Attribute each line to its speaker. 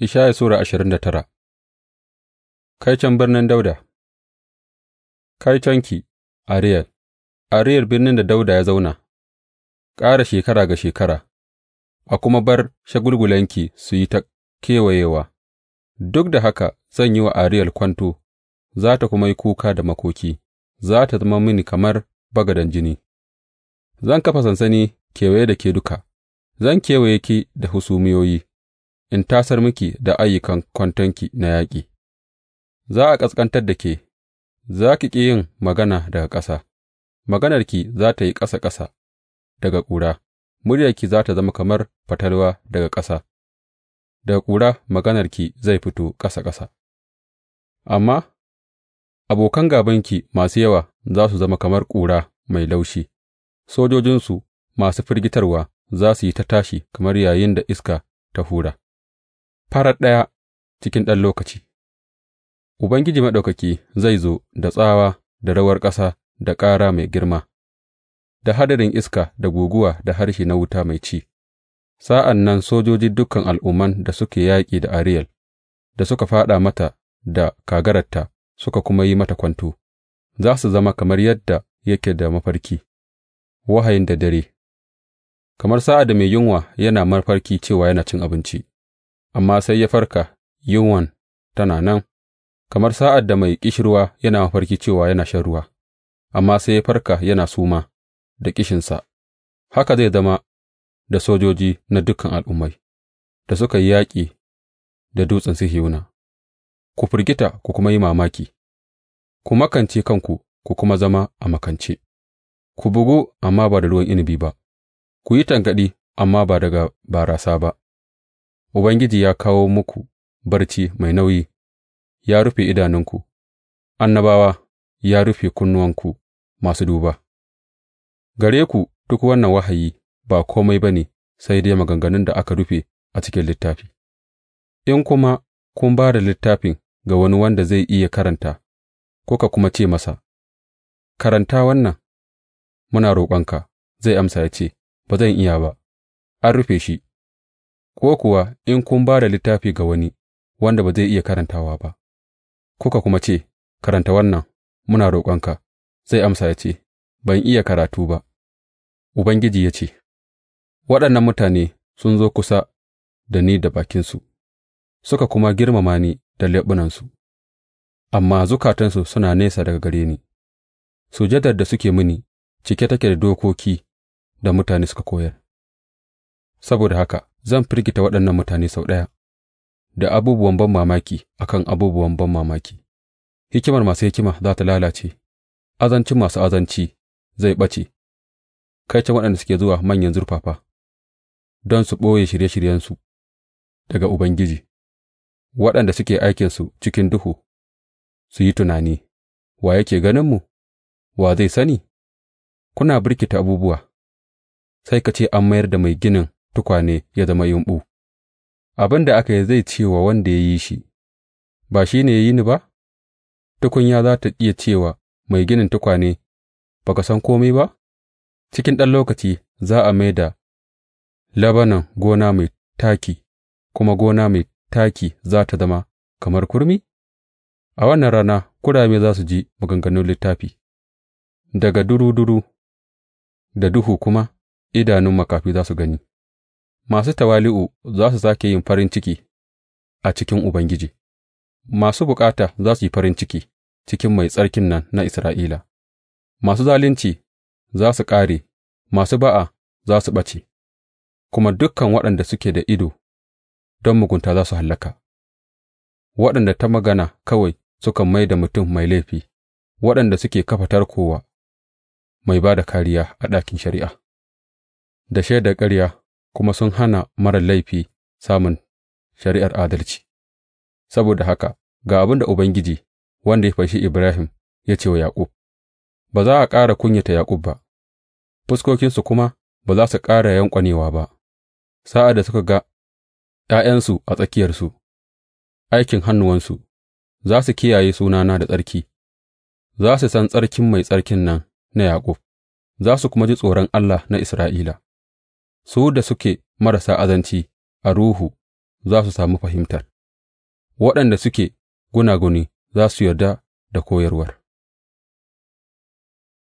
Speaker 1: Ishaya Sura ashirin da tara kaicen birnin Dauda Kaitonki, Ariyel, Ariyel birnin da Dauda ya zauna, ƙara shekara ga shekara, a kuma bar shagulgulanki su yi ta kewayewa, duk da haka zan yi wa Ariyel kwanto, za ta kuma yi kuka da makoki, za ta zama mini kamar bagadan jini. Zan kafa sansani kewaye da ke duka, zan kewaye ki da husumiyoyi. in tasar miki da ayyukan kwantonki na yaƙi, za a ƙasƙantar da ke, za ki ƙi yin magana daga ƙasa, maganarki za tă yi ƙasa-ƙasa daga ƙura, muryarki za tă zama kamar fatalwa daga ƙasa, daga ƙura maganarki zai fito ƙasa-ƙasa. Amma abokan gabanki masu yawa za su zama kamar ƙura mai laushi, sojojinsu masu firgitarwa za su yi ta tashi kamar yayin da iska ta hura. Farar ɗaya cikin ɗan lokaci, Ubangiji Maɗaukaki zai zo da tsawa da rawar ƙasa da ƙara mai girma, da hadarin iska da guguwa da harshe na wuta mai ci, sa'an nan sojoji dukan al'umman da suke yaƙi da Ariyel, da suka fāɗa mata da kagararta suka kuma yi mata kwanto, za su zama kamar yadda yake da mafarki, wahayin da dare, kamar sa'ad da mai yunwa yana mafarki cewa yana cin abinci. amma sai ya farka yunwan tana nan, kamar sa'ad da mai ƙishirwa yana mafarki cewa yana shan ruwa, amma sai ya farka yana suma da ƙishinsa, haka zai zama da sojoji na dukan al'ummai da suka yi yaƙi da dutsen Sihiyona, ku firgita ku kuma yi mamaki, ku makance kanku ku kuma zama a makance, ku bugu amma ba da ruwan inabi ba, ku yi tangaɗi amma ba daga barasa ba. Ubangiji ya kawo muku barci mai nauyi, ya rufe idanunku, annabawa ya rufe kunnuwanku masu duba; gare ku duk wannan wahayi ba komai ba ne sai dai maganganun da aka rufe a cikin littafi, in kuma kun ba da littafin ga wani wanda zai iya karanta, kuka kuma ce masa, Karanta wannan, muna roƙonka, zai amsa ya ce, Ba zan iya ba, an rufe shi. ko kuwa in kun ba da littafi ga wani wanda ba zai iya karantawa ba, kuka kuma ce, Karanta wannan, muna roƙonka, zai amsa ya ce, Ban iya karatu ba, Ubangiji ya ce, Waɗannan mutane sun zo kusa da ni da bakinsu, suka kuma girmama ni da leɓunansu, amma zukatansu suna nesa daga gare ni, sujadar da suke mini cike take da dokoki da mutane suka koyar. saboda haka zan firgita waɗannan mutane sau ɗaya da abubuwan banmamaki a kan abubuwan ban mamaki. hikimar masu hikima za ta lalace, azancin masu azanci zai ɓace, Kai can waɗanda suke zuwa manyan zurfafa don su ɓoye shirye-shiryensu daga Ubangiji, waɗanda suke aikinsu cikin duhu su yi tunani, wa yake ganinmu, wa zai sani, kuna birkita abubuwa, sai ka ce an mayar da mai ginin tukwane ya zama yumɓu, abin da aka yi zai cewa wanda ya yi shi, Ba shi ne ya yi ni ba? Tukunya za ta iya cewa mai ginin tukwane, Ba ka san komai ba? Cikin ɗan lokaci za a mai da labanan gona mai taki, kuma gona mai taki za ta zama kamar kurmi? A wannan rana kurame za su ji maganganun littafi, daga duru duru da duhu kuma idanun makafi za su gani. masu tawali'u za su sāke yin farin ciki a cikin Ubangiji, masu bukata za su yi farin ciki cikin Mai Tsarkin nan na Isra'ila, masu zalunci za su ƙare, masu ba'a za su ɓace, kuma dukan waɗanda suke da ido don mugunta za su hallaka, waɗanda ta magana kawai sukan mai da mutum mai laifi, waɗanda suke kafa tarkowa mai ba da kariya a ɗakin shari'a, da shaidar ƙarya kuma sun hana marar laifi samun shari'ar adalci. Saboda haka, ga abin da Ubangiji, wanda ya fashi Ibrahim, ya ce wa Yaƙub, Ba za a ƙara kunyata Yaƙub ba, fuskokinsu kuma ba za su ƙara yankwanewa ba, sa'ad da suka ga ’ya'yansu a tsakiyarsu, aikin hannuwansu, za su kiyaye sunana da tsarki, za su san tsarkin mai tsarkin nan na Yaƙub, za su kuma ji tsoron Allah na Isra'ila. su da suke marasa azanci a ruhu za su sami fahimtar, waɗanda suke gunaguni za su yarda da koyarwar.